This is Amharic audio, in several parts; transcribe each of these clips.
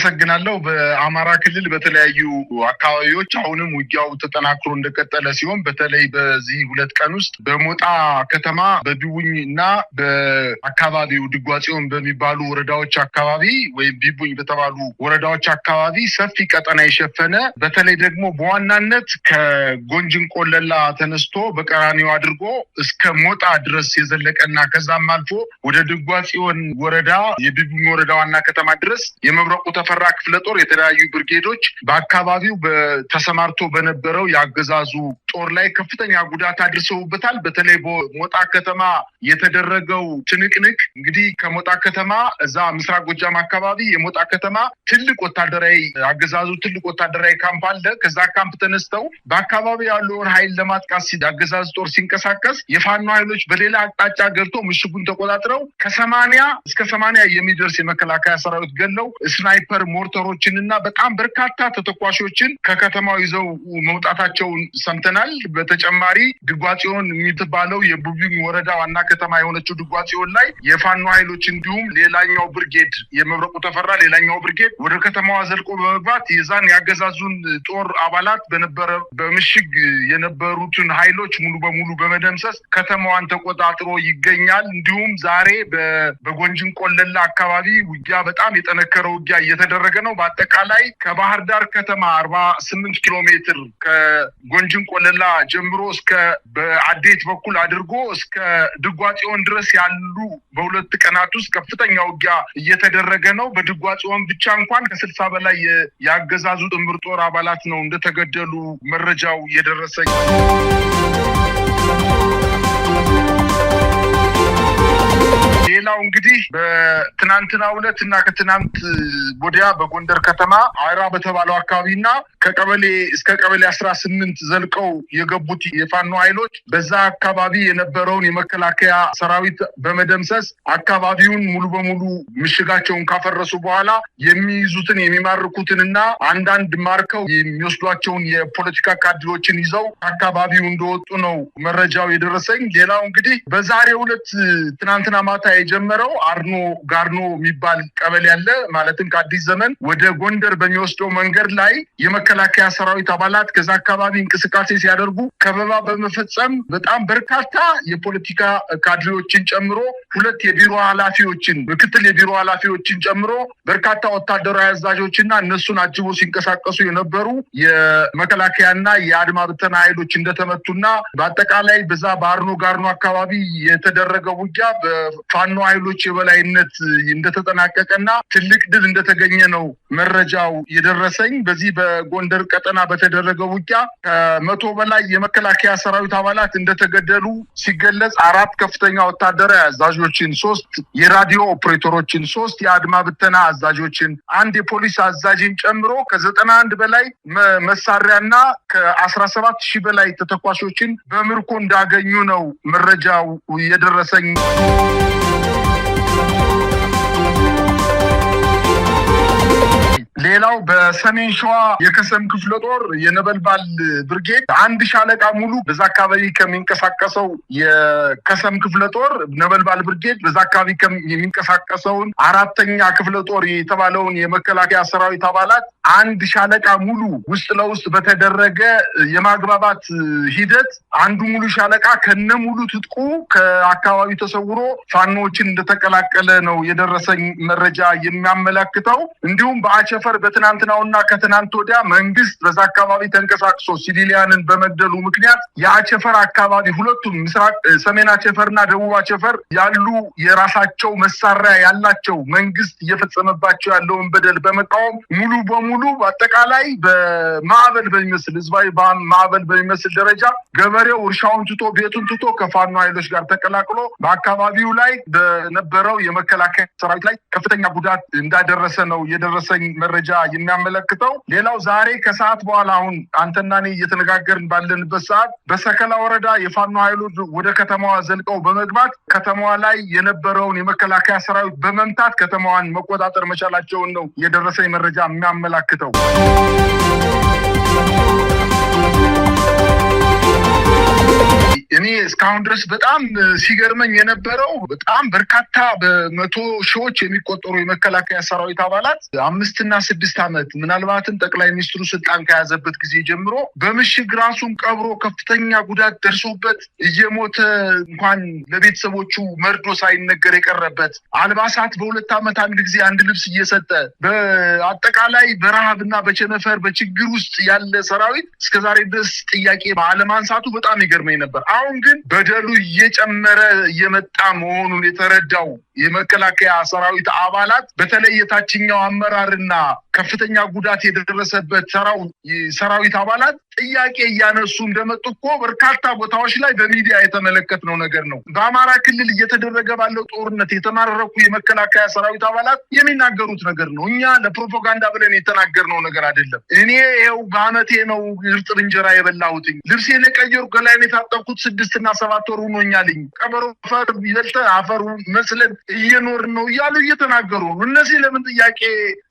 አመሰግናለሁ። በአማራ ክልል በተለያዩ አካባቢዎች አሁንም ውጊያው ተጠናክሮ እንደቀጠለ ሲሆን በተለይ በዚህ ሁለት ቀን ውስጥ በሞጣ ከተማ በቢቡኝ እና በአካባቢው ድጓጽዮን በሚባሉ ወረዳዎች አካባቢ ወይም ቢቡኝ በተባሉ ወረዳዎች አካባቢ ሰፊ ቀጠና የሸፈነ በተለይ ደግሞ በዋናነት ከጎንጅን ቆለላ ተነስቶ በቀራኒው አድርጎ እስከ ሞጣ ድረስ የዘለቀና ከዛም አልፎ ወደ ድጓጽዮን ወረዳ የቢቡኝ ወረዳ ዋና ከተማ ድረስ የመብረቁ ተፋ ተፈራ ክፍለ ጦር የተለያዩ ብርጌዶች በአካባቢው ተሰማርቶ በነበረው የአገዛዙ ጦር ላይ ከፍተኛ ጉዳት አድርሰውበታል። በተለይ በሞጣ ከተማ የተደረገው ትንቅንቅ እንግዲህ ከሞጣ ከተማ እዛ ምስራቅ ጎጃም አካባቢ የሞጣ ከተማ ትልቅ ወታደራዊ አገዛዙ ትልቅ ወታደራዊ ካምፕ አለ። ከዛ ካምፕ ተነስተው በአካባቢ ያለውን ኃይል ለማጥቃት አገዛዙ ጦር ሲንቀሳቀስ የፋኖ ኃይሎች በሌላ አቅጣጫ ገብቶ ምሽጉን ተቆጣጥረው ከሰማንያ እስከ ሰማንያ የሚደርስ የመከላከያ ሰራዊት ገለው ስናይፐር ሞፈር ሞርተሮችን እና በጣም በርካታ ተተኳሾችን ከከተማው ይዘው መውጣታቸውን ሰምተናል። በተጨማሪ ድጓጽዮን የሚባለው የቡቢም ወረዳ ዋና ከተማ የሆነችው ድጓጽዮን ላይ የፋኖ ኃይሎች እንዲሁም ሌላኛው ብርጌድ የመብረቁ ተፈራ ሌላኛው ብርጌድ ወደ ከተማዋ ዘልቆ በመግባት የዛን ያገዛዙን ጦር አባላት በነበረ በምሽግ የነበሩትን ኃይሎች ሙሉ በሙሉ በመደምሰስ ከተማዋን ተቆጣጥሮ ይገኛል። እንዲሁም ዛሬ በጎንጅን ቆለላ አካባቢ ውጊያ በጣም የጠነከረ ውጊያ እየተ እያደረገ ነው። በአጠቃላይ ከባህር ዳር ከተማ አርባ ስምንት ኪሎ ሜትር ከጎንጅን ቆለላ ጀምሮ እስከ በአዴት በኩል አድርጎ እስከ ድጓጽዮን ድረስ ያሉ በሁለት ቀናት ውስጥ ከፍተኛ ውጊያ እየተደረገ ነው። በድጓጽዮን ብቻ እንኳን ከስልሳ በላይ የአገዛዙ ጥምር ጦር አባላት ነው እንደተገደሉ መረጃው እየደረሰኝ ሌላው እንግዲህ በትናንትና ሁለት እና ከትናንት ወዲያ በጎንደር ከተማ አይራ በተባለው አካባቢ እና ከቀበሌ እስከ ቀበሌ አስራ ስምንት ዘልቀው የገቡት የፋኖ ኃይሎች በዛ አካባቢ የነበረውን የመከላከያ ሰራዊት በመደምሰስ አካባቢውን ሙሉ በሙሉ ምሽጋቸውን ካፈረሱ በኋላ የሚይዙትን የሚማርኩትን እና አንዳንድ ማርከው የሚወስዷቸውን የፖለቲካ ካድሮችን ይዘው አካባቢው እንደወጡ ነው መረጃው የደረሰኝ። ሌላው እንግዲህ በዛሬ ሁለት ትናንትና ማታ የጀመረው አርኖ ጋርኖ የሚባል ቀበሌ ያለ ማለትም ከአዲስ ዘመን ወደ ጎንደር በሚወስደው መንገድ ላይ የመከላከያ ሰራዊት አባላት ከዛ አካባቢ እንቅስቃሴ ሲያደርጉ ከበባ በመፈጸም በጣም በርካታ የፖለቲካ ካድሬዎችን ጨምሮ ሁለት የቢሮ ኃላፊዎችን ምክትል የቢሮ ኃላፊዎችን ጨምሮ በርካታ ወታደራዊ አዛዦችና እነሱን አጅቦ ሲንቀሳቀሱ የነበሩ የመከላከያና የአድማ ብተና ኃይሎች እንደተመቱና በአጠቃላይ በዛ በአርኖ ጋርኖ አካባቢ የተደረገ ውጊያ በፋ የፋኖ ኃይሎች የበላይነት እንደተጠናቀቀና ትልቅ ድል እንደተገኘ ነው መረጃው የደረሰኝ። በዚህ በጎንደር ቀጠና በተደረገ ውጊያ ከመቶ በላይ የመከላከያ ሰራዊት አባላት እንደተገደሉ ሲገለጽ አራት ከፍተኛ ወታደራዊ አዛዦችን፣ ሶስት የራዲዮ ኦፕሬተሮችን፣ ሶስት የአድማ ብተና አዛዦችን፣ አንድ የፖሊስ አዛዥን ጨምሮ ከዘጠና አንድ በላይ መሳሪያና ከአስራ ሰባት ሺህ በላይ ተተኳሾችን በምርኮ እንዳገኙ ነው መረጃው የደረሰኝ። ሌላው በሰሜን ሸዋ የከሰም ክፍለ ጦር የነበልባል ብርጌድ አንድ ሻለቃ ሙሉ በዛ አካባቢ ከሚንቀሳቀሰው የከሰም ክፍለ ጦር ነበልባል ብርጌድ በዛ አካባቢ የሚንቀሳቀሰውን አራተኛ ክፍለ ጦር የተባለውን የመከላከያ ሰራዊት አባላት አንድ ሻለቃ ሙሉ ውስጥ ለውስጥ በተደረገ የማግባባት ሂደት አንዱ ሙሉ ሻለቃ ከነ ሙሉ ትጥቁ ከአካባቢ ተሰውሮ ፋኖዎችን እንደተቀላቀለ ነው የደረሰኝ መረጃ የሚያመላክተው። እንዲሁም በአቸፈ አፈር በትናንትናውና ከትናንት ወዲያ መንግስት በዛ አካባቢ ተንቀሳቅሶ ሲቪሊያንን በመግደሉ ምክንያት የአቸፈር አካባቢ ሁለቱም ምስራቅ ሰሜን አቸፈርና ደቡብ አቸፈር ያሉ የራሳቸው መሳሪያ ያላቸው መንግስት እየፈጸመባቸው ያለውን በደል በመቃወም ሙሉ በሙሉ አጠቃላይ በማዕበል በሚመስል ህዝባዊ ማዕበል በሚመስል ደረጃ ገበሬው እርሻውን ትቶ ቤቱን ትቶ ከፋኖ ኃይሎች ጋር ተቀላቅሎ በአካባቢው ላይ በነበረው የመከላከያ ሰራዊት ላይ ከፍተኛ ጉዳት እንዳደረሰ ነው የደረሰኝ መረጃ መረጃ የሚያመለክተው ሌላው ዛሬ ከሰዓት በኋላ አሁን አንተና እኔ እየተነጋገርን ባለንበት ሰዓት በሰከላ ወረዳ የፋኖ ኃይሎች ወደ ከተማዋ ዘልቀው በመግባት ከተማዋ ላይ የነበረውን የመከላከያ ሰራዊት በመምታት ከተማዋን መቆጣጠር መቻላቸውን ነው የደረሰኝ መረጃ የሚያመላክተው። እኔ እስካሁን ድረስ በጣም ሲገርመኝ የነበረው በጣም በርካታ በመቶ ሺዎች የሚቆጠሩ የመከላከያ ሰራዊት አባላት አምስትና ስድስት ዓመት ምናልባትም ጠቅላይ ሚኒስትሩ ስልጣን ከያዘበት ጊዜ ጀምሮ በምሽግ ራሱን ቀብሮ ከፍተኛ ጉዳት ደርሶበት እየሞተ እንኳን ለቤተሰቦቹ መርዶ ሳይነገር የቀረበት አልባሳት በሁለት ዓመት አንድ ጊዜ አንድ ልብስ እየሰጠ በአጠቃላይ በረሃብና በቸነፈር በችግር ውስጥ ያለ ሰራዊት እስከዛሬ ድረስ ጥያቄ አለማንሳቱ በጣም ይገርመኝ ነበር። አሁን ግን በደሉ እየጨመረ እየመጣ መሆኑን የተረዳው የመከላከያ ሰራዊት አባላት በተለይ የታችኛው አመራርና ከፍተኛ ጉዳት የደረሰበት ሰራዊት አባላት ጥያቄ እያነሱ እንደመጡ እኮ በርካታ ቦታዎች ላይ በሚዲያ የተመለከትነው ነገር ነው። በአማራ ክልል እየተደረገ ባለው ጦርነት የተማረኩ የመከላከያ ሰራዊት አባላት የሚናገሩት ነገር ነው። እኛ ለፕሮፓጋንዳ ብለን የተናገርነው ነገር አይደለም። እኔ ይኸው በአመቴ ነው እርጥብ እንጀራ የበላሁትኝ። ልብሴን የቀየሩ ገላይን የታጠብኩት ስድስትና ሰባት ወር ሆኖኛልኝ። ቀበሮ ፈር ይበልተ አፈሩ መስለን እየኖር ነው እያሉ እየተናገሩ ነው። እነዚህ ለምን ጥያቄ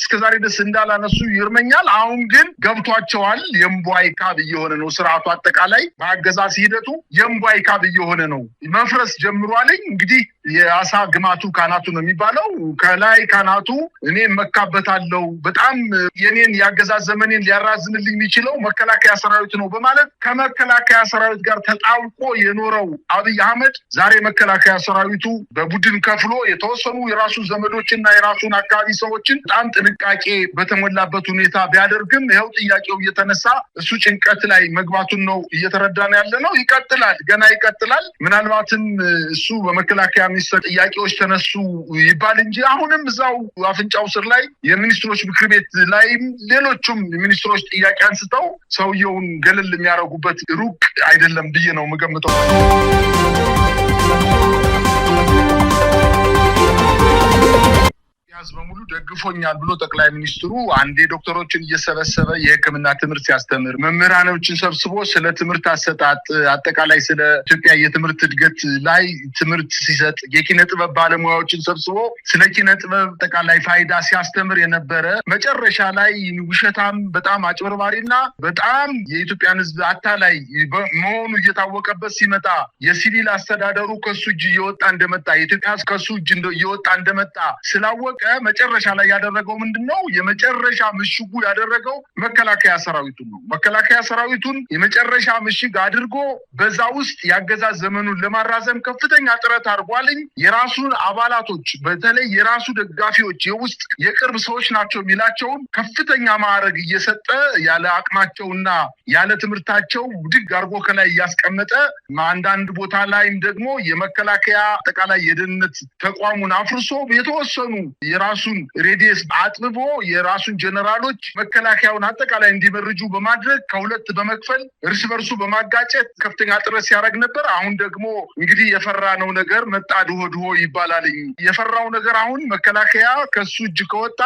እስከዛሬ ደስ እንዳላነሱ ይርመኛል። አሁን ግን ገብቷቸዋል የምቧይ ካብ እየሆነ ነው ስርዓቱ አጠቃላይ በአገዛዝ ሂደቱ የእምቧይ ካብ እየሆነ ነው መፍረስ ጀምሯልኝ እንግዲህ የአሳ ግማቱ ካናቱ ነው የሚባለው ከላይ ካናቱ እኔ መካበታለው በጣም የኔን የአገዛዝ ዘመኔን ሊያራዝምልኝ የሚችለው መከላከያ ሰራዊት ነው በማለት ከመከላከያ ሰራዊት ጋር ተጣውቆ የኖረው አብይ አህመድ ዛሬ መከላከያ ሰራዊቱ በቡድን ከፍሎ የተወሰኑ የራሱ ዘመዶችና የራሱን አካባቢ ሰዎችን በጣም ጥንቃቄ በተሞላበት ሁኔታ ቢያደርግም ይኸው ጥያቄው እየተነሳ እሱ ጭንቅ ጭንቀት ላይ መግባቱን ነው እየተረዳን ያለ ነው። ይቀጥላል፣ ገና ይቀጥላል። ምናልባትም እሱ በመከላከያ ሚኒስትር ጥያቄዎች ተነሱ ይባል እንጂ አሁንም እዛው አፍንጫው ስር ላይ የሚኒስትሮች ምክር ቤት ላይም ሌሎቹም ሚኒስትሮች ጥያቄ አንስተው ሰውየውን ገለል የሚያደርጉበት ሩቅ አይደለም ብዬ ነው ምገምጠው ህዝብ በሙሉ ደግፎኛል ብሎ ጠቅላይ ሚኒስትሩ አንዴ ዶክተሮችን እየሰበሰበ የህክምና ትምህርት ሲያስተምር፣ መምህራኖችን ሰብስቦ ስለ ትምህርት አሰጣጥ አጠቃላይ ስለ ኢትዮጵያ የትምህርት እድገት ላይ ትምህርት ሲሰጥ፣ የኪነ ጥበብ ባለሙያዎችን ሰብስቦ ስለ ኪነ ጥበብ አጠቃላይ ፋይዳ ሲያስተምር የነበረ መጨረሻ ላይ ውሸታም፣ በጣም አጭበርባሪ እና በጣም የኢትዮጵያን ህዝብ አታላይ መሆኑ እየታወቀበት ሲመጣ የሲቪል አስተዳደሩ ከሱ እጅ እየወጣ እንደመጣ የኢትዮጵያ ከሱ እጅ እየወጣ እንደመጣ ስላወቀ መጨረሻ ላይ ያደረገው ምንድን ነው? የመጨረሻ ምሽጉ ያደረገው መከላከያ ሰራዊቱን ነው። መከላከያ ሰራዊቱን የመጨረሻ ምሽግ አድርጎ በዛ ውስጥ ያገዛዝ ዘመኑን ለማራዘም ከፍተኛ ጥረት አድርጓልኝ። የራሱን አባላቶች በተለይ የራሱ ደጋፊዎች የውስጥ የቅርብ ሰዎች ናቸው የሚላቸውን ከፍተኛ ማዕረግ እየሰጠ ያለ አቅማቸውና ያለ ትምህርታቸው ውድግ አድርጎ ከላይ እያስቀመጠ አንዳንድ ቦታ ላይም ደግሞ የመከላከያ አጠቃላይ የደህንነት ተቋሙን አፍርሶ የተወሰኑ የራሱን ሬዲየስ አጥብቦ የራሱን ጀነራሎች መከላከያውን አጠቃላይ እንዲመርጁ በማድረግ ከሁለት በመክፈል እርስ በርሱ በማጋጨት ከፍተኛ ጥረት ሲያደርግ ነበር። አሁን ደግሞ እንግዲህ የፈራ ነው ነገር መጣ ድሆ ድሆ ይባላልኝ የፈራው ነገር አሁን መከላከያ ከሱ እጅ ከወጣ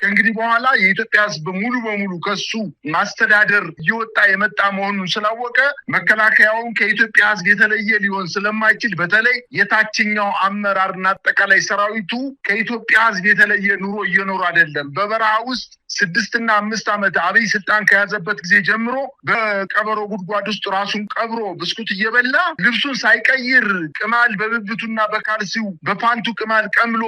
ከእንግዲህ በኋላ የኢትዮጵያ ህዝብ ሙሉ በሙሉ ከሱ ማስተዳደር እየወጣ የመጣ መሆኑን ስላወቀ መከላከያውን ከኢትዮጵያ ህዝብ የተለየ ሊሆን ስለማይችል በተለይ የታችኛው አመራርና አጠቃላይ ሰራዊቱ ከኢትዮጵያ ህዝብ የተለየ ኑሮ እየኖሩ አይደለም። በበረሃ ውስጥ ስድስትና አምስት ዓመት አብይ ስልጣን ከያዘበት ጊዜ ጀምሮ በቀበሮ ጉድጓድ ውስጥ ራሱን ቀብሮ ብስኩት እየበላ ልብሱን ሳይቀይር ቅማል በብብቱና በካልሲው በፓንቱ ቅማል ቀምሎ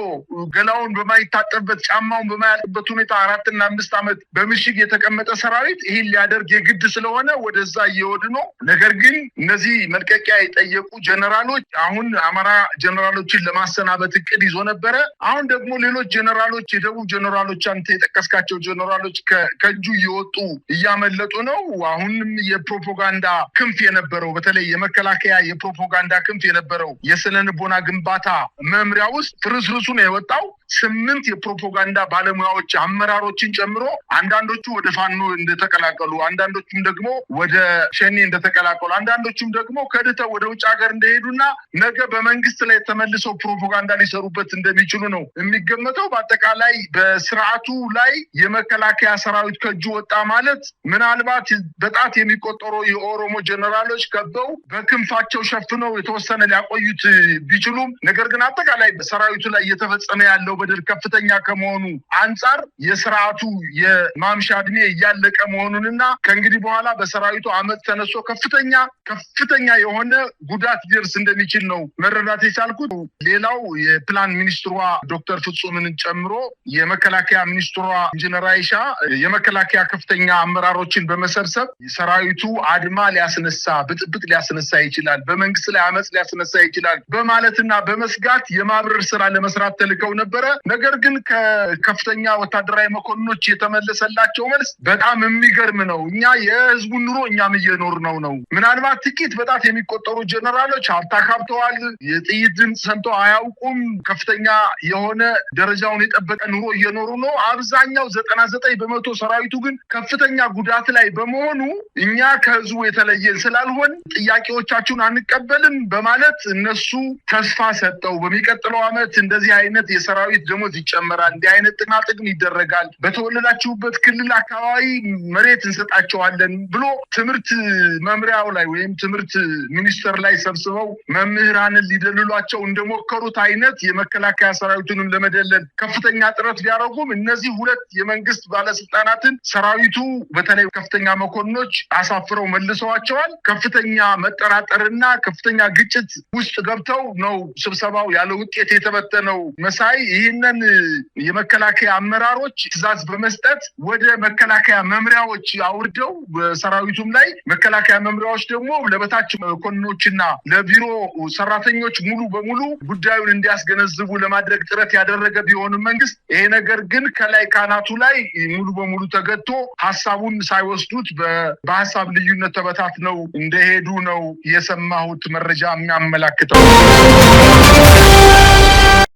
ገላውን በማይታጠብበት ጫማውን በማያልበት ባለበት ሁኔታ አራትና አምስት ዓመት በምሽግ የተቀመጠ ሰራዊት ይህን ሊያደርግ የግድ ስለሆነ ወደዛ እየወዱ ነው። ነገር ግን እነዚህ መልቀቂያ የጠየቁ ጀነራሎች አሁን አማራ ጀነራሎችን ለማሰናበት እቅድ ይዞ ነበረ። አሁን ደግሞ ሌሎች ጀነራሎች የደቡብ ጀነራሎች፣ አንተ የጠቀስካቸው ጀነራሎች ከእጁ እየወጡ እያመለጡ ነው። አሁንም የፕሮፓጋንዳ ክንፍ የነበረው በተለይ የመከላከያ የፕሮፓጋንዳ ክንፍ የነበረው የስነ ልቦና ግንባታ መምሪያ ውስጥ ፍርስርሱ ነው የወጣው። ስምንት የፕሮፓጋንዳ ባለሙያዎች አመራሮችን ጨምሮ አንዳንዶቹ ወደ ፋኖ እንደተቀላቀሉ፣ አንዳንዶቹም ደግሞ ወደ ሸኔ እንደተቀላቀሉ፣ አንዳንዶቹም ደግሞ ከድተው ወደ ውጭ ሀገር እንደሄዱና ነገ በመንግስት ላይ ተመልሰው ፕሮፓጋንዳ ሊሰሩበት እንደሚችሉ ነው የሚገመተው። በአጠቃላይ በስርዓቱ ላይ የመከላከያ ሰራዊት ከእጁ ወጣ ማለት ምናልባት በጣት የሚቆጠሩ የኦሮሞ ጀኔራሎች ከበው በክንፋቸው ሸፍነው የተወሰነ ሊያቆዩት ቢችሉም ነገር ግን አጠቃላይ በሰራዊቱ ላይ እየተፈጸመ ያለው በደል ከፍተኛ ከመሆኑ አንጻር የስርዓቱ የማምሻ እድሜ እያለቀ መሆኑንና ከእንግዲህ በኋላ በሰራዊቱ አመፅ ተነስቶ ከፍተኛ ከፍተኛ የሆነ ጉዳት ሊደርስ እንደሚችል ነው መረዳት የቻልኩት። ሌላው የፕላን ሚኒስትሯ ዶክተር ፍጹምን ጨምሮ የመከላከያ ሚኒስትሯ ኢንጂነር አይሻ የመከላከያ ከፍተኛ አመራሮችን በመሰብሰብ ሰራዊቱ አድማ ሊያስነሳ ብጥብጥ ሊያስነሳ ይችላል፣ በመንግስት ላይ አመፅ ሊያስነሳ ይችላል በማለትና በመስጋት የማብረር ስራ ለመስራት ተልከው ነበረ። ነገር ግን ከከፍተኛ ወታደራዊ መኮንኖች የተመለሰላቸው መልስ በጣም የሚገርም ነው። እኛ የህዝቡን ኑሮ እኛም እየኖር ነው ነው ምናልባት ጥቂት በጣት የሚቆጠሩ ጀነራሎች አብታካብተዋል። የጥይት ድምፅ ሰምተው አያውቁም። ከፍተኛ የሆነ ደረጃውን የጠበቀ ኑሮ እየኖሩ ነው። አብዛኛው ዘጠና ዘጠኝ በመቶ ሰራዊቱ ግን ከፍተኛ ጉዳት ላይ በመሆኑ እኛ ከህዝቡ የተለየን ስላልሆን ጥያቄዎቻችሁን አንቀበልም በማለት እነሱ ተስፋ ሰጠው በሚቀጥለው ዓመት እንደዚህ አይነት የሰራዊት ቤት ደሞዝ ይጨመራል። እንዲህ አይነት ጥቅማ ጥቅም ይደረጋል። በተወለዳችሁበት ክልል አካባቢ መሬት እንሰጣቸዋለን ብሎ ትምህርት መምሪያው ላይ ወይም ትምህርት ሚኒስቴር ላይ ሰብስበው መምህራንን ሊደልሏቸው እንደሞከሩት አይነት የመከላከያ ሰራዊቱንም ለመደለል ከፍተኛ ጥረት ቢያደረጉም እነዚህ ሁለት የመንግስት ባለስልጣናትን ሰራዊቱ በተለይ ከፍተኛ መኮንኖች አሳፍረው መልሰዋቸዋል። ከፍተኛ መጠራጠርና ከፍተኛ ግጭት ውስጥ ገብተው ነው ስብሰባው ያለ ውጤት የተበተነው። መሳይ ይህ ይህንን የመከላከያ አመራሮች ትእዛዝ በመስጠት ወደ መከላከያ መምሪያዎች አውርደው በሰራዊቱም ላይ መከላከያ መምሪያዎች ደግሞ ለበታች መኮንኖችና ለቢሮ ሰራተኞች ሙሉ በሙሉ ጉዳዩን እንዲያስገነዝቡ ለማድረግ ጥረት ያደረገ ቢሆንም መንግስት ይሄ ነገር ግን ከላይ ካናቱ ላይ ሙሉ በሙሉ ተገቶ ሀሳቡን ሳይወስዱት በሀሳብ ልዩነት ተበታት ነው እንደሄዱ ነው የሰማሁት መረጃ የሚያመላክተው።